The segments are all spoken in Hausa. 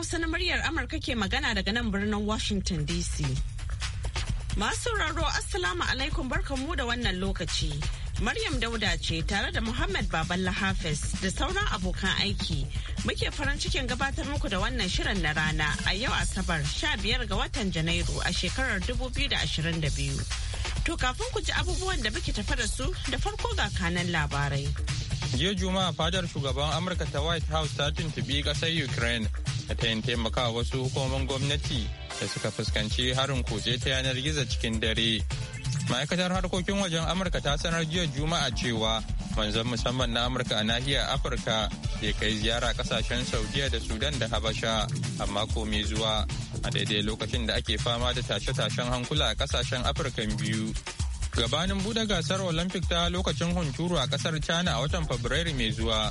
Hausa na muryar Amurka ke magana daga nan birnin Washington DC. Masu sauraro Assalamu alaikum mu da wannan lokaci. Maryam Dauda ce tare da Muhammad Baballa Hafiz da sauran abokan aiki. Muke farin cikin gabatar muku da wannan shirin na rana a yau Asabar 15 ga watan Janairu a shekarar 2022. To kafin ku ji abubuwan da muke tafa da su da farko ga kanan labarai. Jiya Juma'a fadar shugaban Amurka ta White House ta tuntubi ƙasar Ukraine a ta yin taimakawa wasu hukumomin gwamnati da suka fuskanci harin kuje ta yanar gizo cikin dare ma'aikatar harkokin wajen amurka ta sanar jiya juma'a cewa manzon musamman na amurka a nahiyar afirka zai kai ziyara kasashen saudiya da sudan da habasha amma komai zuwa a daidai lokacin da ake fama da tashe-tashen hankula a kasashen afirka biyu gabanin buɗe gasar olympic ta lokacin hunturu a kasar china a watan fabrairu mai zuwa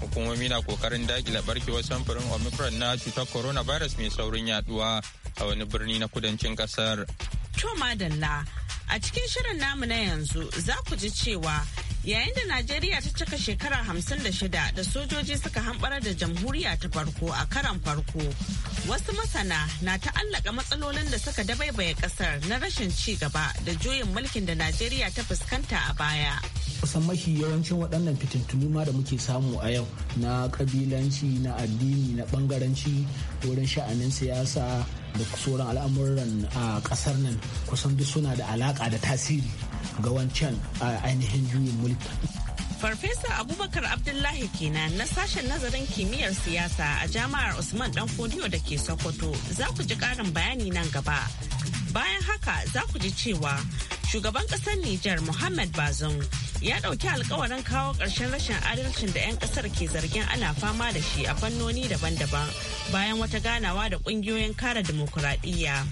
hukumomi na kokarin dakile barkewar samfurin omicron na cutar coronavirus mai saurin yaduwa a wani birni na kudancin kasar. to madalla a cikin shirin namu na yanzu za ku ji cewa yayin da najeriya ta cika shekara hamsin da shida da sojoji suka hambara da jamhuriya ta farko a karan farko wasu masana na ta'allaka matsalolin da suka dabaibaye kasar na rashin ci gaba da juyin mulkin da najeriya ta fuskanta a baya kusan mafi yawancin waɗannan fitintunu ma da muke samu a yau na kabilanci na addini na bangaranci wurin sha'anin siyasa da sauran al'amuran a ƙasar nan kusan duk suna da alaƙa da tasiri ga wancan ainihin juyin mulki. Farfesa Abubakar Abdullahi kenan na sashen nazarin kimiyyar siyasa a jami'ar Usman Dan Fodiyo da ke Sokoto za ku ji ƙarin bayani nan gaba. Bayan haka za ku ji cewa shugaban ƙasar Nijar Muhammad Bazoum ya ɗauki alkawarin kawo ƙarshen rashin adalcin da 'yan ƙasar ke zargin ana fama da shi a fannoni daban-daban bayan wata ganawa da ƙungiyoyin kare dimokuraɗiyya.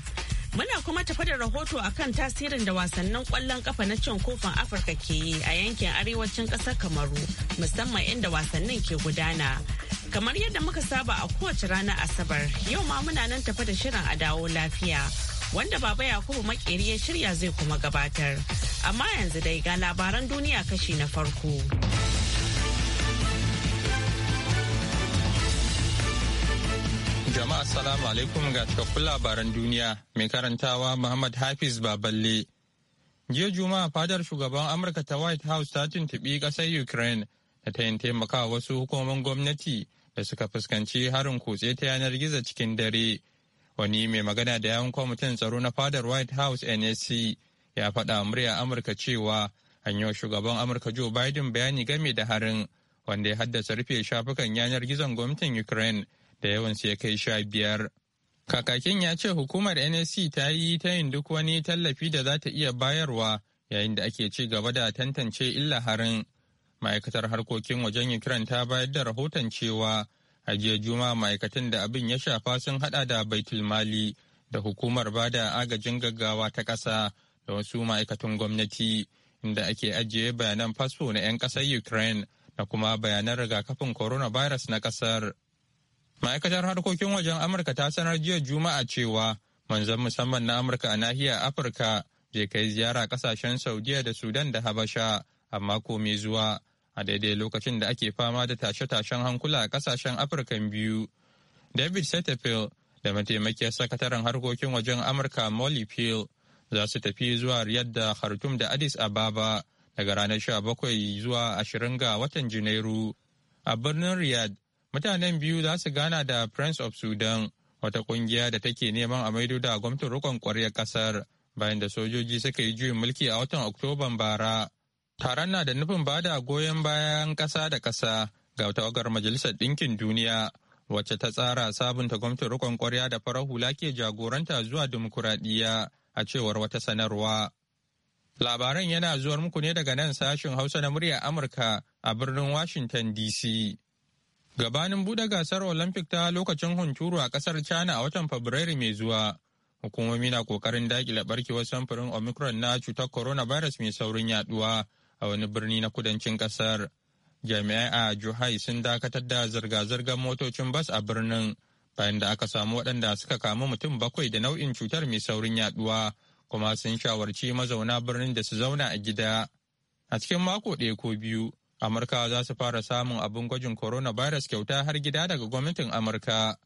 Muna kuma tafi da rahoto kan tasirin da wasannin kwallon kafa na cin kofin Afirka ke yi a yankin arewacin ƙasar Kamaru musamman inda wasannin ke gudana. Kamar yadda muka saba a kowace rana Asabar, yau ma muna nan tafi da shirin a dawo lafiya. Wanda Baba Yakubu Makeri ya shirya zai kuma gabatar. Amma yanzu dai ga labaran duniya kashi na farko. Jama'a salamu alaikum ga cikakkun labaran duniya mai karantawa Muhammad Hafiz Baballe. Jiya Juma'a fadar shugaban Amurka ta White House ta tuntuɓi ƙasar Ukraine da ta yin taimaka wasu hukumomin gwamnati da suka fuskanci harin kutse ta yanar gizo cikin dare. Wani mai magana da yawon kwamitin tsaro na fadar White House NSC ya faɗa murya Amurka cewa an yi shugaban Amurka Joe Biden bayani game da harin wanda ya haddasa rufe shafukan yanar gizon gwamnatin Ukraine da yawansu ya kai sha biyar. Kakakin ya ce hukumar NSC ta yi ta yin duk wani tallafi da za ta iya bayarwa yayin da ake ci gaba da tantance illa harin. Ma'aikatar harkokin wajen Ukraine ta bayar da rahoton cewa a jiya Juma'a ma'aikatan da abin ya shafa sun hada da Baitul Mali da hukumar bada agajin gaggawa ta ƙasa da wasu ma'aikatan gwamnati inda ake ajiye bayanan fasfo na 'yan ƙasar Ukraine da kuma bayanan rigakafin coronavirus na ƙasar. ma'aikatar harkokin wajen amurka ta sanar jiya juma'a cewa manzon musamman na amurka a nahiyar afirka zai kai ziyara kasashen saudiya da sudan da habasha a mako mai zuwa a daidai lokacin da ake fama da tashe-tashen hankula a kasashen afirka biyu david setterfield da mataimakiyar sakataren harkokin wajen amurka molly peel za su tafi zuwa riyadh da khartoum da addis ababa daga ranar 17 zuwa 20 ga watan janairu a birnin riyadh mutanen biyu za su gana da prince of sudan wata kungiya da take neman a maido da gwamnatin rikon kwarya kasar bayan da sojoji suka yi juyin mulki a watan oktoban bara taron na da nufin ba da goyon bayan kasa da kasa ga tawagar majalisar ɗinkin duniya wacce ta tsara sabunta gwamnatin rikon kwarya da farar hula ke jagoranta zuwa dimokuraɗiyya a cewar wata sanarwa labaran yana zuwar muku ne daga nan sashen hausa na murya amurka a birnin washington dc Gabanin buɗe gasar Olympic ta lokacin hunturu a ƙasar China a watan Fabrairu mai zuwa, hukumomi na ƙoƙarin daƙile barkewar samfurin Omicron na cutar coronavirus mai saurin yaduwa a wani birni na kudancin ƙasar. Jami'ai a Juhai sun dakatar da zirga-zirgar motocin bas a birnin bayan da aka samu waɗanda suka kamu mutum bakwai da nau'in cutar mai saurin yaduwa kuma sun shawarci mazauna birnin da su zauna a gida. A cikin mako ɗaya ko biyu, amurkawa za su fara samun abin gwajin coronavirus kyauta har gida daga gwamnatin amurka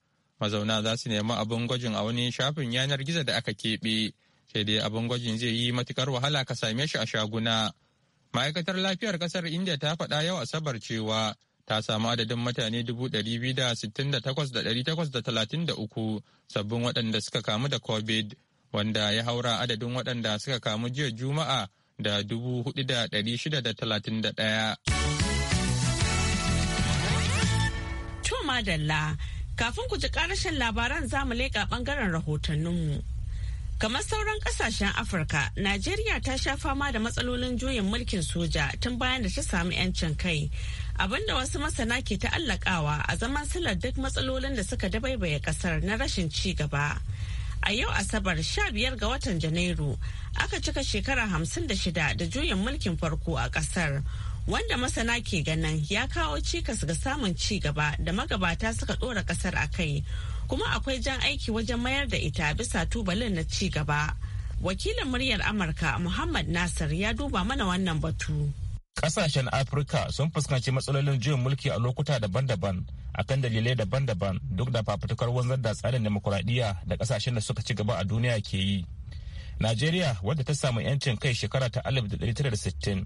mazauna za su nemi abin gwajin a wani shafin yanar gizo da aka keɓe sai dai abin gwajin zai yi matukar wahala ka same shi a shaguna ma'aikatar lafiyar kasar india ta faɗa yau asabar cewa ta samu adadin mutane da uku sabbin waɗanda suka kamu da covid wanda ya haura adadin waɗanda suka kamu jiya juma'a da dubu hudu da dari shida da talatin da ɗaya. Tuma Dalla, kafin ku ji ƙarashin labaran zamu leƙa ɓangaren rahotanninmu. Kamar sauran ƙasashen Afirka, Najeriya ta sha fama da matsalolin juyin mulkin soja tun bayan da ta samu 'yancin kai. Abinda wasu masana ke ta'allakawa a zaman silar duk matsalolin da suka dabaibaye ƙasar na rashin ci gaba. a yau asabar 15 ga watan janairu aka cika shekara 56 da juyin mulkin farko a kasar wanda masana ke ganin ya kawo cikas ga samun ci gaba da magabata suka dora kasar a kai kuma akwai jan aiki wajen mayar da ita bisa tubalin na ci gaba wakilin muryar amurka muhammad nasir ya duba mana wannan batu Kasashen Afirka sun fuskanci matsalolin juyin mulki a lokuta daban-daban akan dalilai daban-daban duk da fafutukar wanzar da tsarin demokuraɗiyya da kasashen da suka ci gaba a duniya ke yi. Najeriya wadda ta samu 'yancin kai shekara ta 1960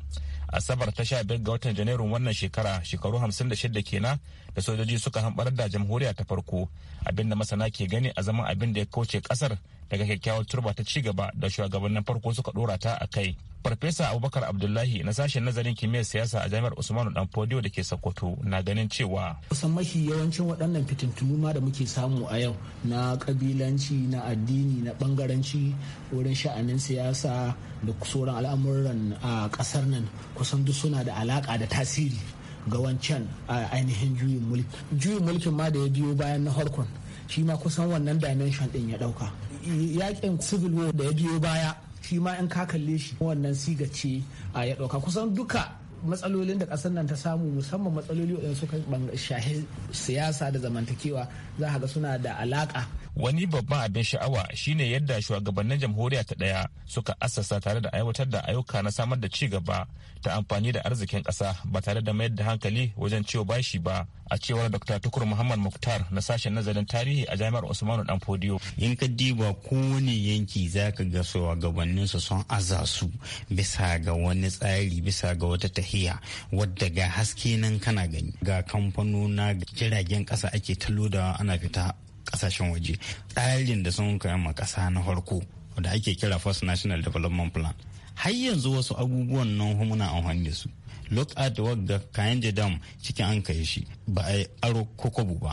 asabar ta sha biyar ga watan janairun wannan shekara shekaru 56 kenan da sojoji suka hambar da jamhuriya ta farko abinda masana ke gani a zaman abin da ya kauce kasar daga kyakkyawar turba ta ci gaba da shugabannin farko suka dora ta a kai farfesa abubakar abdullahi na sashen nazarin kimiyyar siyasa a jami'ar usmanu dan fodiyo da ke sokoto na ganin cewa kusan mafi yawancin waɗannan fitintunu ma da muke samu a yau na kabilanci na addini na bangaranci wurin sha'anin siyasa da sauran al'amuran a ƙasar nan kusan duk suna da alaƙa da tasiri ga wancan ainihin juyin mulki juyin mulkin ma da ya biyo bayan na harkon shi ma kusan wannan dimension ɗin ya ɗauka. yakin civil war da ya biyo baya shi ma in ka kalle shi wannan siga ce a ya ɗauka kusan duka matsalolin da ƙasar nan ta samu musamman matsaloli waɗanda suka shahi siyasa da zamantakewa za ga suna da alaƙa wani babban abin sha'awa shine yadda shugabannin jamhuriya ta ɗaya suka assasa tare da aiwatar da ayyuka na samar da ci gaba ta amfani da arzikin ƙasa ba tare da mayar da hankali wajen cewa bashi ba a cewar dr tukur muhammad muktar na sashen nazarin tarihi a jami'ar usmanu dan fodiyo in ka diba kowane yanki za ka ga shugabannin su sun aza su bisa ga wani tsari bisa ga wata tahiya wadda ga haske nan kana gani ga kamfanona jiragen kasa ake talo da ana fita kasashen waje tsarin da sun kai ma kasa na farko da ake kira first national development plan har yanzu wasu abubuwan nan muna amfani da su look at da kayan dam cikin an kai shi ba a yi aro kokobu ba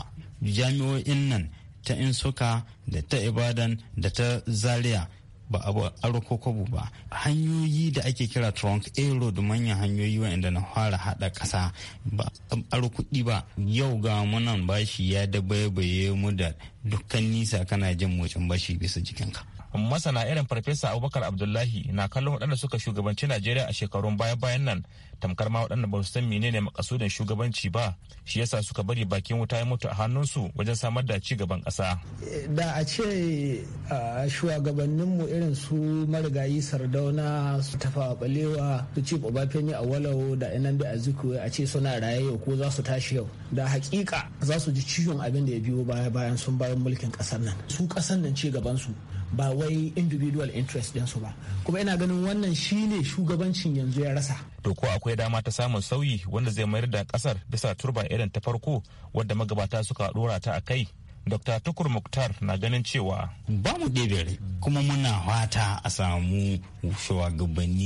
jami'o'in nan ta insuka da ta ibadan da ta zaria ba a aro ko ba hanyoyi da ake kira trunk a road manyan hanyoyi wa'anda na fara hada kasa ba aro kudi ba yau ga munan bashi ya dabaibaye mu da dukkan nisa kana jin motsin bashi bisa jikinka masana irin farfesa abubakar abdullahi na kallon waɗanda suka shugabanci najeriya a shekarun baya bayan nan tamkar ma waɗanda ba su san menene makasudin shugabanci ba shi yasa suka bari bakin wuta ya mutu a hannunsu wajen samar da ci gaban ƙasa da a ce shugabanninmu irin su marigayi sardauna su tafa balewa su ci obafemi a walau da inan bi a a ce suna raye yau ko za su tashi yau da hakika za su ji ciwon abin da ya biyo baya bayan sun bayan mulkin ƙasar nan su ƙasar nan ci gaban su ba wai individual interest ɗinsu ba kuma ina ganin wannan shine shugabancin yanzu ya rasa to ko akwai dama ta samun sauyi wanda zai mayar da kasar bisa turba irin ta farko wadda magabata suka dora ta a kai Dr. Tukur Mukhtar na ganin cewa. Ba mu ɗebere kuma muna fata a samu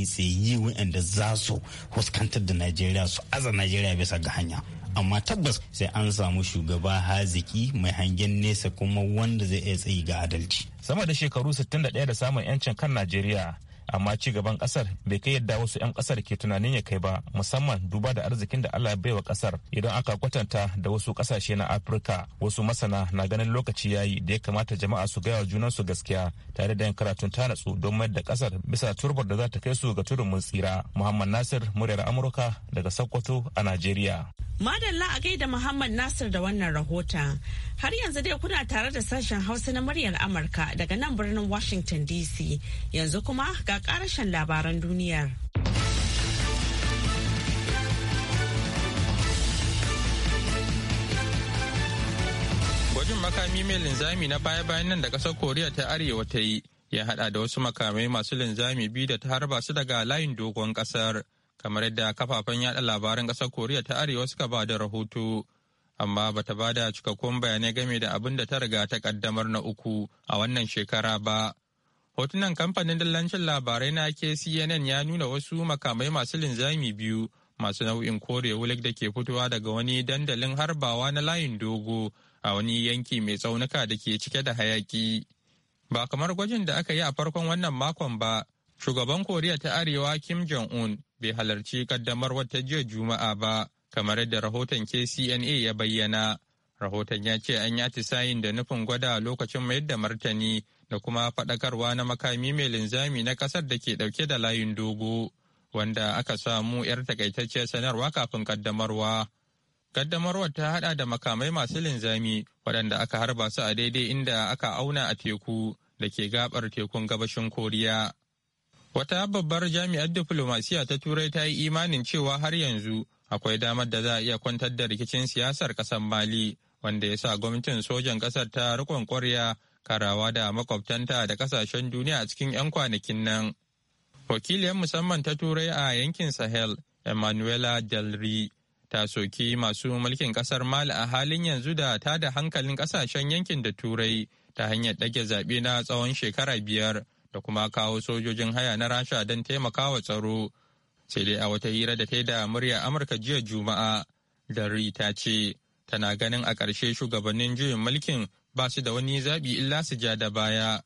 sai yi waɗanda za su fuskantar da Najeriya su aza Najeriya bisa ga hanya. Amma tabbas sai an samu shugaba haziki mai hangen nesa kuma wanda zai iya tsayi ga adalci. Sama da shekaru 61 da samun 'yancin kan Najeriya amma ci gaban kasar bai kai yadda wasu 'yan kasar ke tunanin ya kai ba musamman duba da arzikin da Allah baiwa kasar idan aka kwatanta da wasu kasashe na Afirka wasu masana na ganin lokaci yayi da ya kamata jama'a su gaya junan su gaskiya tare da 'yan karatun ta natsu don mayar da kasar bisa turbar da za ta kai su ga tudun mun tsira Muhammad Nasir muryar Amurka daga Sokoto a Najeriya Madalla a gaida Muhammad Nasir da wannan rahoton Har yanzu dai kuna tare da sashen Hausa na muryar Amurka daga nan birnin Washington DC. Yanzu kuma ga karashen labaran duniyar. Gwajin makami mai linzami na baya-bayan nan da ƙasar Koriya ta Arewa ta yi ya hada da wasu makamai masu linzami biyu da ta harba su daga layin dogon kasar, Kamar yadda kafafen yada labaran ƙasar Koriya ta Arewa suka ba da rahoto. amma bata ba da cikakkun bayanai game da abin da ta riga ta kaddamar na uku a wannan shekara ba. Hotunan kamfanin dillancin labarai na KCNN ya nuna wasu makamai masu linzami biyu masu nau'in kore wulik da ke fitowa daga wani dandalin harbawa na layin dogo a wani yanki mai tsaunuka da ke cike da hayaki. Ba kamar gwajin da aka yi a farkon wannan makon ba, shugaban Koriya ta Arewa Kim Jong-un bai halarci kaddamar wata jiya Juma'a ba. kamar yadda rahoton kcna ya bayyana rahoton ya ce an yi atisayin da nufin gwada lokacin mayar da martani da kuma faɗakarwa na makami mai linzami na ƙasar da ke ɗauke da layin dogo wanda aka samu 'yar takaitacciyar sanarwa kafin ƙaddamarwa ƙaddamarwar ta haɗa da makamai masu linzami waɗanda aka harba su a daidai inda aka auna a teku da ke gabar tekun gabashin koriya Wata babbar jami'ar diflomasiya ta Turai ta yi imanin cewa har yanzu akwai damar da za a iya kwantar da rikicin siyasar ƙasar Mali, wanda ya sa gwamnatin sojan ƙasar ta rikon ƙwarya karawa da makwabtanta da ƙasashen duniya a cikin 'yan kwanakin nan. Wakiliyar musamman ta Turai a yankin Sahel, Emanuela Delri, ta soki masu mulkin ƙasar Mali a halin yanzu da ta da hankalin ƙasashen yankin da Turai ta hanyar ɗage zaɓe na tsawon shekara biyar. da kuma kawo sojojin haya na rasha don taimakawa tsaro sai dai a wata hira da ta da murya amurka jiya juma'a da ta ce tana ganin a ƙarshe shugabannin juyin mulkin ba su da wani zaɓi illa su ja da baya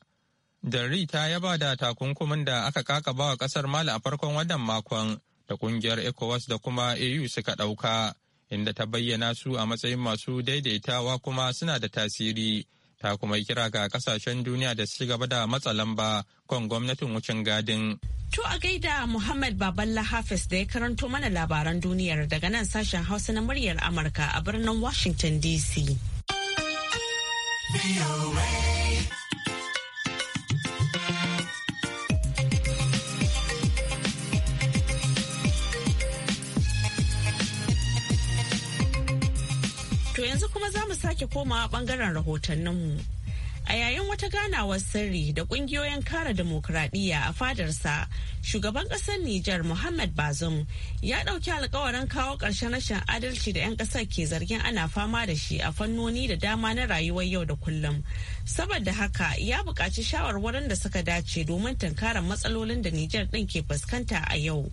dari ta yaba da takunkumin da aka kaka ba wa ƙasar mali a farkon wannan makon da ƙungiyar ecowas da kuma au suka ɗauka inda ta bayyana su a matsayin masu daidaitawa kuma suna da tasiri ta kuma yi kira ga kasashen duniya da su gaba da matsa lamba kan gwamnatin wucin gadin. To a gaida Muhammad Baballa Hafiz da ya karanto mana labaran duniyar daga nan sashen Hausa na muryar Amurka a birnin Washington DC. sake komawa bangaren rahotanninmu. A yayin wata ganawar sirri da kungiyoyin kare demokuraɗiyya a fadarsa, shugaban ƙasar Nijar Muhammad bazum ya ɗauki alkawarin kawo ƙarshen rashin adalci da 'yan ƙasar ke zargin ana fama da shi a fannoni da dama na rayuwar yau da kullum. Saboda haka ya buƙaci shawarwarin da suka dace domin tunkarar matsalolin da Nijar ɗin ke fuskanta a yau.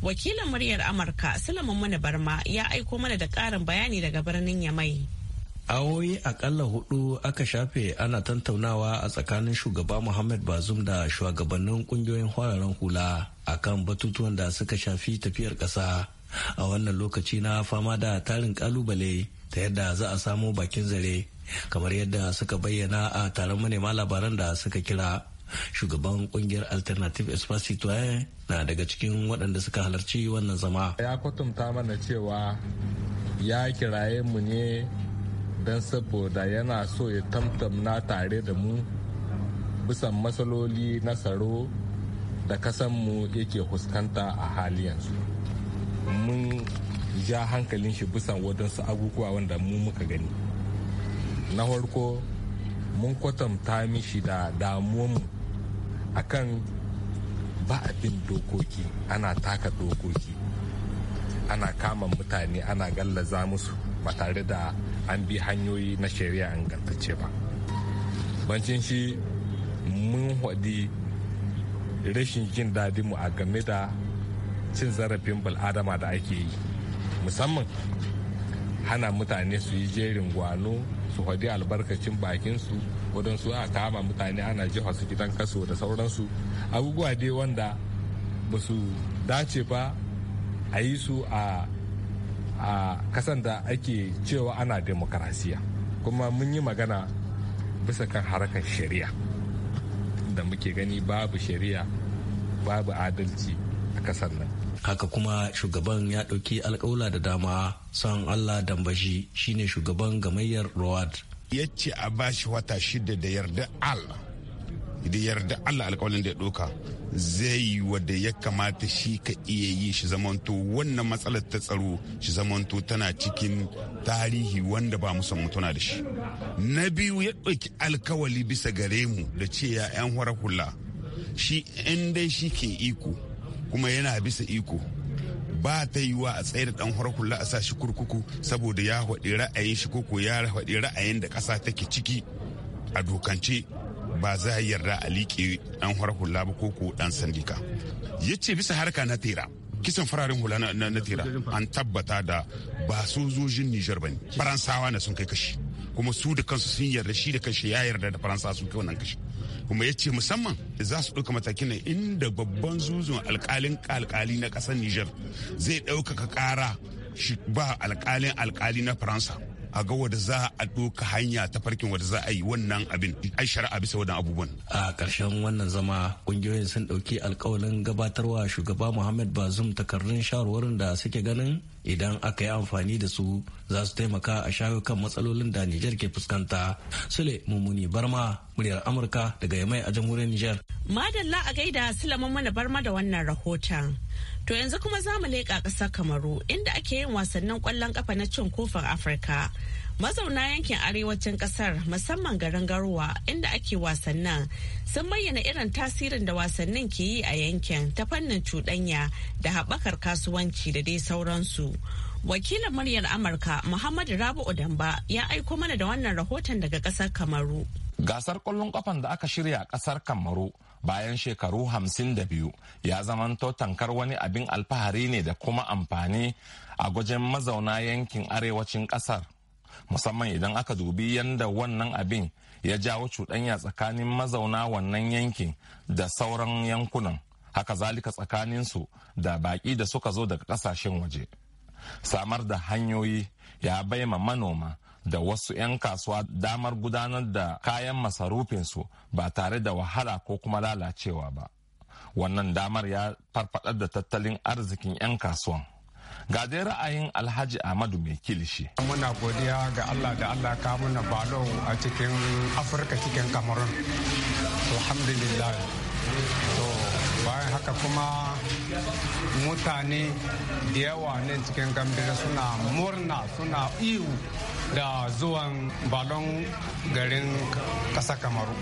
Wakilin muryar Amurka Sulaiman Muna Barma ya aiko mana da ƙarin bayani daga birnin Yamai. awoyi akalla hudu aka shafe ana tantaunawa a tsakanin shugaba muhammad bazum da shugabannin kungiyoyin hwararen hula a kan batutuwan da suka shafi tafiyar ƙasa a wannan lokaci na fama da tarin kalubale ta yadda za a samo bakin zare kamar yadda suka bayyana a taron manema labaran da suka kira shugaban kungiyar alternative espace na daga cikin waɗanda suka halarci wannan zama ya kwatanta mana cewa ya kiraye mu ne don saboda yana so ya tamtamna tare da mu bisan matsaloli na tsaro da kasanmu yake fuskanta a hali yanzu mun ja hankalin shi bisan wadansu abubuwa wanda mu muka gani na farko mun kwatanta mishi da damuwanmu kan ba a bin dokoki ana taka dokoki ana kama mutane ana gallaza musu ba tare da an bi hanyoyi na shari'a ingantacce ba bancin shi mun haɗi rashin jin mu a game da cin zarafin bal'adama da ake yi musamman hana mutane su yi jerin gwano su haɗi albarkacin bakinsu waɗansu a kama mutane ana jefa su gidan kaso da sauransu abubuwa dai wanda ba su dace ba a yi su a a kasan da ake cewa ana demokarasiya kuma mun yi magana bisa kan harakan shari'a da muke gani babu shari'a babu adalci a kasan nan haka kuma shugaban ya ɗauki alƙawla da dama son allah dambashi shine shugaban gamayyar Rawad. ya ce a bashi wata shida da yarda allah da yarda Allah alkawalin da ya ɗauka zai yi wadda ya kamata shi ka iya yi shi zamanto wannan matsalar ta tsaro shi zamanto tana cikin tarihi wanda ba mu mutuna da shi na biyu ya ɗauki alkawali bisa gare mu da cewa 'yan hura hula shi in dai shi ke iko kuma yana bisa iko ba ta yi wa a tsayar da dan hula a sa shi kurkuku saboda ya haɗi ra'ayin shi koko ya haɗi ra'ayin da ƙasa take ciki a dokance ba za a yarda a liƙe ɗan farar hula ba ko ko ɗan sandika ya ce bisa harka na tera kisan fararen hula na tera an tabbata da ba sojojin nijar ba ne faransawa na sun kai kashi kuma su da kansu sun yarda shi da kanshi ya yarda da faransa sun kai wannan kashi kuma ya ce musamman za su ɗauka matakin nan inda babban zuzun alkalin alkali na ƙasar nijar zai ɗaukaka ƙara ba alkalin alkali na faransa a ga wadda za a ɗoka hanya ta farkin wadda za a yi wannan abin ai shari'a bisa wannan abubuwan. A ƙarshen wannan zama ƙungiyoyin sun ɗauki alƙawalin gabatarwa shugaba Muhammad Bazum takardun shawarwarin da suke ganin idan aka yi amfani da su za su taimaka a shawo kan matsalolin da Nijar ke fuskanta. Sule Mummuni Barma muryar Amurka daga Yamai a jamhuriyar Nijar. Madalla a gaida Sulaiman Mana Barma da wannan rahoton. To yanzu kuma za mu leƙa ƙasar Kamaru inda ake yin wasannin ƙwallon ƙafa na cin kofin Afirka. Mazauna yankin arewacin ƙasar musamman garin Garuwa inda ake wasannin sun bayyana irin tasirin da wasannin ke yi a yankin ta fannin cuɗanya da haɓakar kasuwanci da dai sauransu. Wakilin muryar Amurka Muhammadu Rabu Odamba ya aiko mana da wannan rahoton daga ƙasar Kamaru. Gasar ƙwallon ƙafan da aka shirya a ƙasar Kamaru bayan shekaru hamsin da biyu ya zamanto tankar wani abin alfahari ne da kuma amfani a gwajin mazauna yankin arewacin kasar musamman idan aka dubi yadda wannan abin ya jawo cuɗanya tsakanin mazauna wannan yankin da sauran yankunan haka zalika tsakaninsu da baƙi da suka zo daga ƙasashen waje samar da hanyoyi ya bai ma manoma da wasu 'yan kasuwa damar gudanar da kayan masarufinsu ba tare da wahala ko kuma lalacewa ba wannan damar ya farfadar da tattalin arzikin 'yan kasuwan ga ra'ayin alhaji ahmadu mai kilishi muna godiya ga allah da allah ka muna balo a cikin afirka cikin kamarun alhamdulillah to bayan haka kuma mutane da yawa ne cikin gambira suna murna suna ihu da zuwan balon garin ƙasa kamaru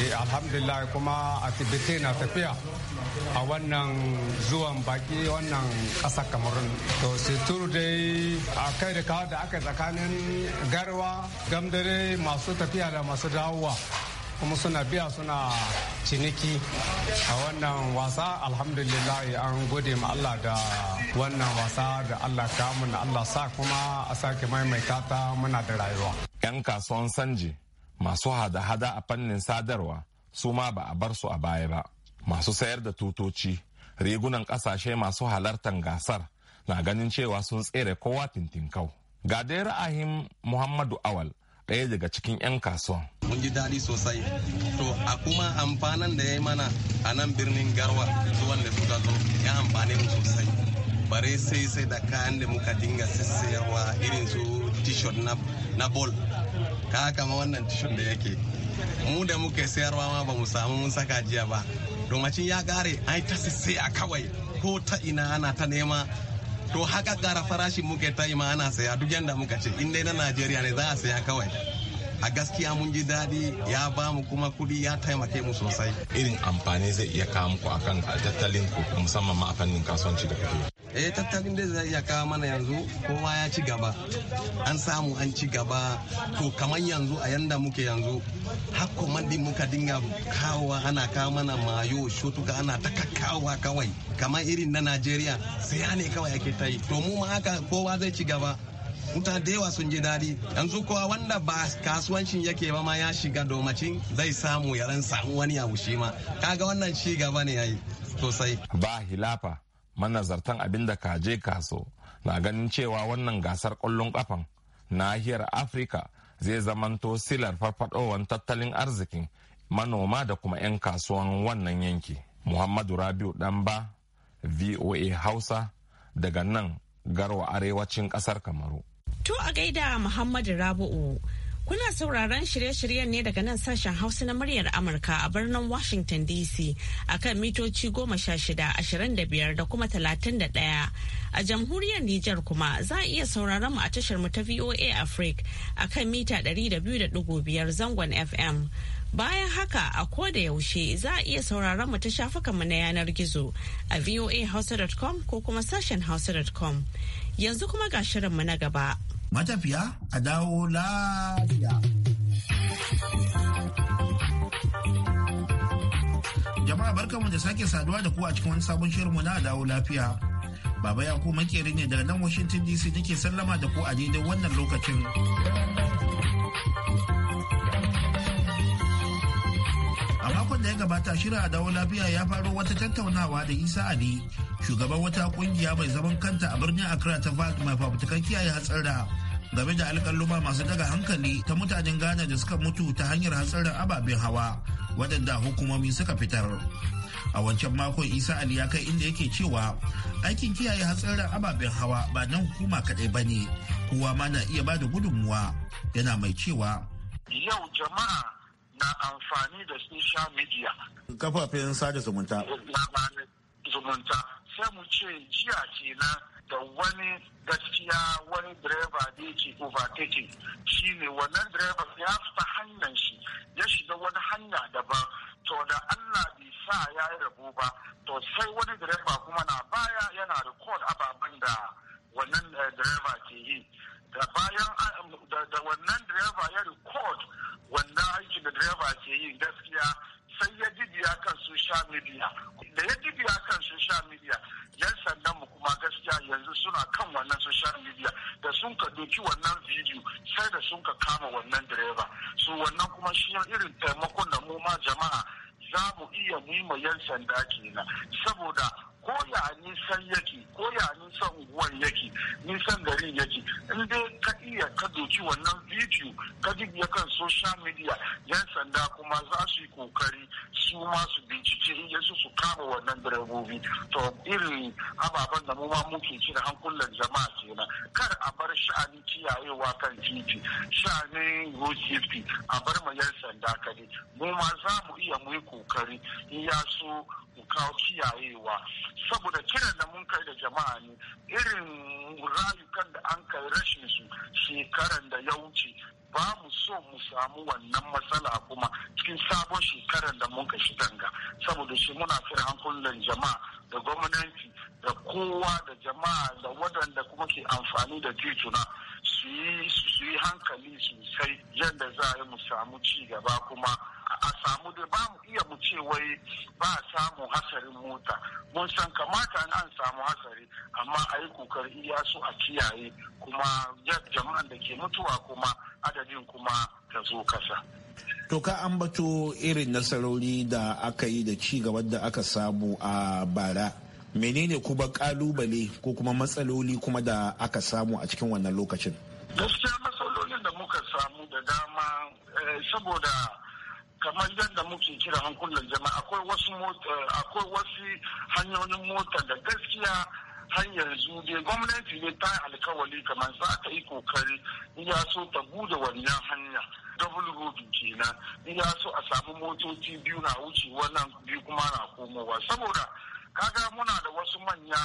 eh, alhamdulillah kuma a tibetai na tafiya a wannan zuwan baki wannan ƙasa kamarun to turu dai a kai da kawo da aka tsakanin garwa gamdare masu tafiya da masu dawowa kuma suna biya suna ciniki a wannan wasa alhamdulillah an gode ma Allah da wannan wasa da Allah kamun Allah sa kuma a sake maimaita ta muna da rayuwa. 'Yan kasuwan sanji masu hada-hada a fannin sadarwa su ma ba a bar su a baya ba. Masu sayar da tutoci, rigunan kasashe masu halartar gasar na ganin cewa sun tsere kowa tintinkau. Ga dai ra'ayin Muhammadu Awal ɗaya daga cikin 'yan kasuwa. Mun ji daɗi sosai. To a kuma amfanan da ya yi mana a nan birnin Garwa zuwa da suka zo ya amfani mu sosai. Bare sai sai da kayan da muka dinga sassayarwa irin su t-shirt na ball. Ka kama wannan t-shirt da yake. Mu da muka sayarwa ma ba mu samu mun saka jiya ba. Domacin ya kare ai ta sassaya kawai ko ta ina ana ta nema to haka kara farashin muke ta ana saya duk yanda muka ce in dai na najeriya ne za a saya kawai a gaskiya mun ji daɗi ya ba mu kuma kuɗi ya taimake mu sosai irin amfani zai iya kawo muku akan tattalin ku musamman ma a fannin kasuwanci da kake eh tattalin da zai iya kawo mana yanzu kowa ya ci gaba an samu an ci gaba to kamar yanzu a yanda muke yanzu hakko mandi muka dinga kawowa ana kawo mana mayo shotuka ana ta kakkawa kawai kamar irin na najeriya sai ne kawai ake ta yi to mu ma haka kowa zai ci gaba mutane da yawa sun ji daɗi yanzu kowa wanda ba kasuwancin yake ba ma ya shiga domacin zai samu ya samu wani abu shi ma kaga wannan ci gaba ne yayi sosai ba hilafa manazartan abin da kaje kaso na ganin cewa wannan gasar ƙwallon ƙafan nahiyar afirka zai zamanto silar farfadowar tattalin arzikin manoma da kuma 'yan kasuwan wannan yanki muhammadu rabiu ɗanba voa hausa daga nan garwa arewacin ƙasar kamaru to a gaida muhammadu rabu'u Kuna sauraron shirye-shiryen ne daga nan sashen Hausa na muryar Amurka a birnin Washington DC a kan mitoci goma sha shida, ashirin da biyar da kuma talatin da ɗaya. A jamhuriyar Nijar kuma za a iya sauraron mu a tashar mu ta VOA Africa a kan mita ɗari da biyu da ɗigo biyar zangon FM. Bayan haka a ko da yaushe za a iya sauraron mu ta mu na yanar gizo a voahausa.com ko kuma sashen hausa.com. Yanzu kuma ga shirin mu na gaba. matafiya a dawo lafiya. Jama'a barkanmu da sake saduwa da ku a cikin wani sabon shirinmu na dawo lafiya. Baba ya ku makeri ne daga nan Washington DC nake sallama da ku a daidai wannan lokacin. A makon da ya gabata shirin a dawo lafiya ya faro wata tattaunawa da Isa Ali, shugaban wata kungiya mai zaman kanta a birnin Accra ta mai fafutukan kiyaye hatsara. game da alƙalluma masu daga hankali ta mutanen Ghana da suka mutu ta hanyar hatsarin ababen hawa waɗanda hukumomi suka fitar. A wancan makon Isa Ali ya kai inda yake cewa aikin kiyaye hatsarin ababen hawa ba nan hukuma kaɗai ba ne, kowa ma na iya ba da gudunmuwa yana mai cewa. Yau jama'a na amfani da social media. Kafafen sada zumunta. zumunta sai mu ce jiya ce na da wani gaskiya wani direba da yake overtaking shi ne wannan direba ya fita hannun shi ya shiga wani hanya daban to da allah bai sa ya yi rabo ba to sai wani direba kuma na kokari ya su mu kawo kiyayewa saboda kiran da mun kai da jama'a ne irin rayukan da an kai rashin su shekaran da ya wuce ba mu so mu samu wannan matsala kuma cikin sabon shekarar da muka shi ganga saboda shi muna kira hankulan jama'a da gwamnati da kowa da jama'a da waɗanda kuma ke amfani da tituna su yi hankali sosai yadda za a yi mu samu ci gaba kuma a samu dai ba mu iya mu ce wai ba a samu hasarin mota mun san kamata an samu hasari amma a yi kokarin iya su a kiyaye kuma jama'an da ke mutuwa kuma adadin kuma ta zo kasa To ka bato irin nasarori da aka yi da ci gaban da aka samu a bara. Menene kuma kalubale ko kuma matsaloli kuma da aka samu a cikin wannan lokacin? Gaskiya matsalolin da muka samu da dama eh, saboda kamar yadda muke kira hankulan jama'a akwai wasu akwai wasu hanyoyin mota da gaskiya har yanzu dai gwamnati ne ta alkawali kamar za ta yi kokari ya so ta bude wannan hanya double road kenan ya so a samu motoci biyu na wuce wannan biyu kuma na komowa saboda kaga muna da wasu manya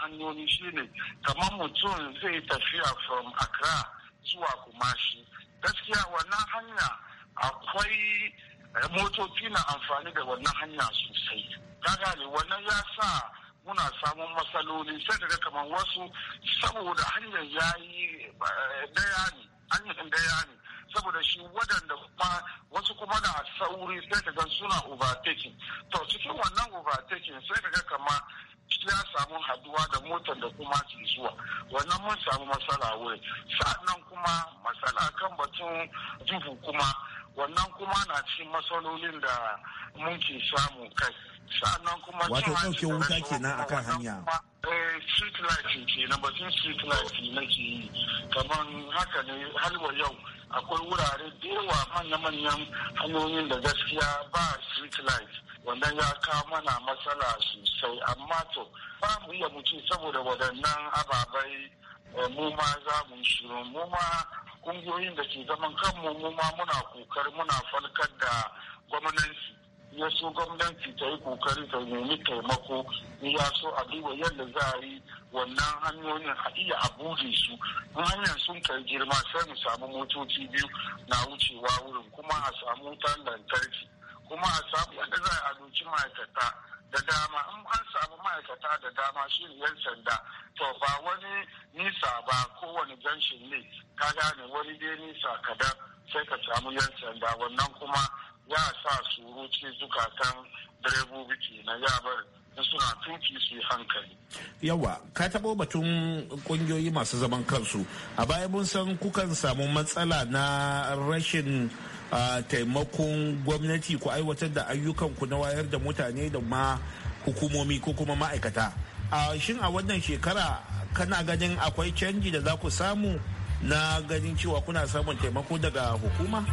hanyoyi shine kamar mutum zai tafiya from accra zuwa kumashi gaskiya wannan hanya akwai eh, motoci na amfani da wannan hanya sosai gane wannan ya sa muna samun matsaloli sai daga kamar wasu saboda hanyar ya yi eh, daya ne hanyar daya ne saboda shi waɗanda kuma wasu kuma na sauri sai daga suna overtaking to cikin wannan overtaking sai daga ga kama ya samu haduwa da motar da kuma ke zuwa wannan mun samu matsala wurin sa'annan kuma matsala kan batun duhu kuma wannan kuma na cikin matsalolin da muke samu kai sa'annan kuma wato ɗauke wuta kenan akan hanya eh, street light ke na batun street light nake yi kamar haka ne halwa yau akwai wurare da yawa manya-manyan hanyoyin da gaskiya ba street light wannan ya kawo mana matsala sosai amma to ba mu iya mu saboda waɗannan ababai eh, mu ma za mu shiru mu ma kungiyoyin da ke zaman kanmu mu ma muna kokari muna falkar da gwamnati ya so gwamnati ta yi kokari ta nemi taimako ya so a duba yadda za a yi wannan hanyoyin a iya a buɗe su hanyar sun kai girma sai mu samu motoci biyu na wucewa wurin kuma a samu wutan lantarki kuma a samu yadda za a doki ma'aikata da dama in an samu ma'aikata da dama shi ne yan sanda to ba wani nisa ba kowane ganshin ne ka gane wani dai nisa kada sai ka samu yan sanda wannan kuma ya sa surutu zukatan direbobi kenan ya bar suna tuki su yi hankali. Yawa, ka taɓo batun ƙungiyoyi masu zaman kansu. A baya mun san kukan samu matsala na rashin a taimakon gwamnati ku aiwatar da ayyukan ku na wayar da mutane da ma hukumomi ko kuma ma'aikata a shin a wannan shekara kana ganin akwai canji da za ku samu na ganin cewa kuna samun taimako daga hukuma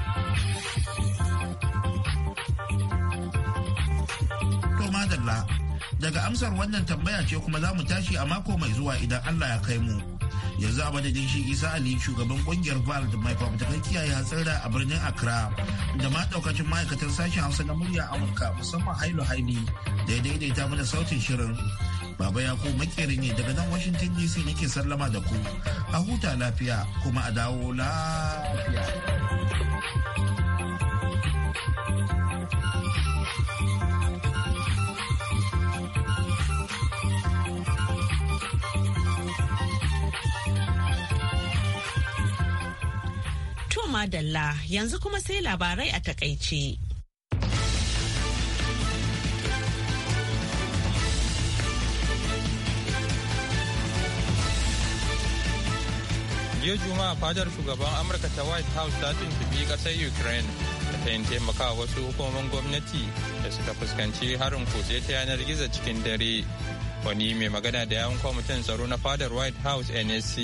daga amsar wannan tambaya ce kuma za mu tashi a mako mai zuwa idan allah ya kai mu yanzu a madadin shi isa ali shugaban kungiyar var da mai fafutukan kiyaye hatsira a birnin accra da ma daukacin ma'aikatan sashen hausa na murya amurka musamman hailu haini da ya daidaita mana sautin shirin baba ya ko makerin ne daga nan washington dc nake sallama da ku a huta lafiya kuma a dawo lafiya madalla yanzu kuma sai labarai a takaice. yau juma'a fadar shugaban amurka ta white house ta tuntubi kasar ukraine da ta yin taimaka wasu hukumomin gwamnati da suka fuskanci harin kutse ta yanar gizo cikin dare wani mai magana da yawon kwamitin tsaro na fadar white house nsc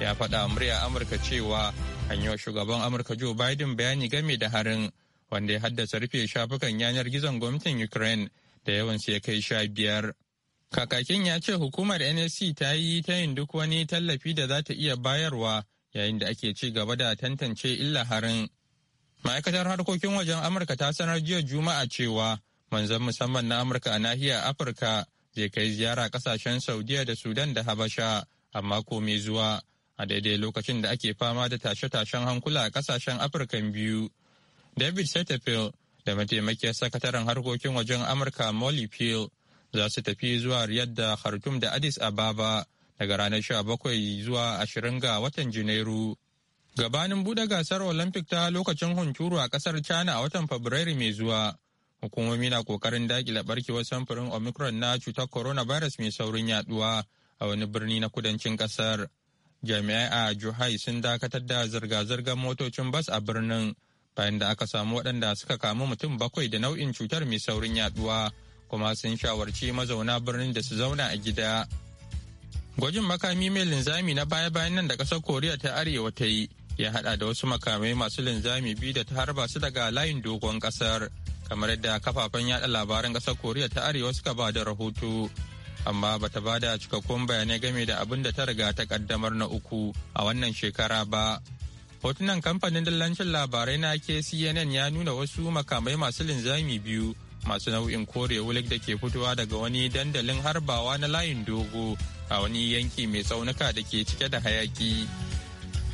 ya faɗa murya amurka cewa an yi shugaban amurka joe biden bayani game da harin wanda ya haddasa rufe shafukan yanar gizon gwamnatin ukraine da yawan ya kai sha biyar kakakin ya ce hukumar nsc ta yi ta yin duk wani tallafi da za ta iya bayarwa yayin da ake ci gaba da tantance illa harin ma'aikatar harkokin wajen amurka ta sanar jiya juma'a cewa manzon musamman na amurka a nahiyar afirka zai kai ziyara kasashen saudiya da sudan da habasha amma mako mai zuwa a daidai lokacin da ake fama da tashe-tashen hankula a kasashen afirkan biyu david setterfield da mataimakiyar sakataren harkokin wajen amurka molly peel za su tafi zuwa riyar da khartoum da addis ababa daga ranar sha bakwai zuwa ashirin ga watan janairu gabanin bude gasar olympic ta lokacin hunturu a kasar china a watan fabrairu mai zuwa hukumomi na kokarin dakile barkewar samfurin omicron na cutar coronavirus mai saurin yaduwa a wani birni na kudancin ƙasar jami'ai a juhai sun dakatar da zirga-zirgar motocin bas a birnin bayan da aka samu waɗanda suka kamu mutum bakwai da nau'in cutar mai saurin yaduwa kuma sun shawarci mazauna birnin da su zauna a gida gwajin makami mai linzami na baya-bayan nan da ƙasar koriya ta arewa ta yi ya hada da wasu makamai masu linzami biyu da ta harba su daga layin dogon ƙasar kamar yadda kafafen yada labaran ƙasar koriya ta arewa suka ba da rahoto amma ba ta ba da cikakkun bayanai game da abin da ta riga ta kaddamar na uku a wannan shekara ba. Hotunan kamfanin dillancin labarai na KCNN ya nuna wasu makamai masu linzami biyu masu nau'in kore wulik da ke fitowa daga wani dandalin harbawa na layin dogo a wani yanki mai tsaunuka da ke cike da hayaki.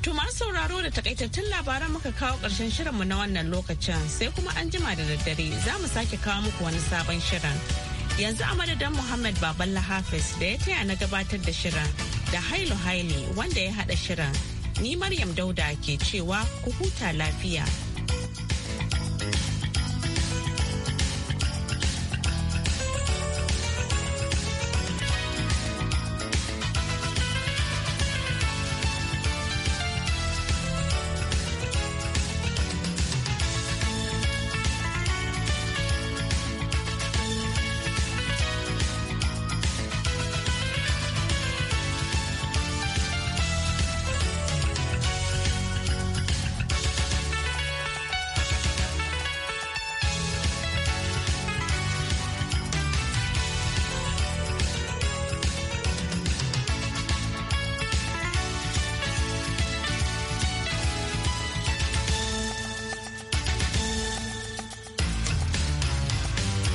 Tumar sauraro da takaitattun labaran muka kawo ƙarshen shirinmu na wannan lokacin sai kuma an jima da daddare za mu sake kawo muku wani sabon shirin. yanzu a madadin muhammad baballa hafiz da ya taya na gabatar da shirin da hailu haili wanda ya haɗa shirin ni maryam dauda ke cewa ku huta lafiya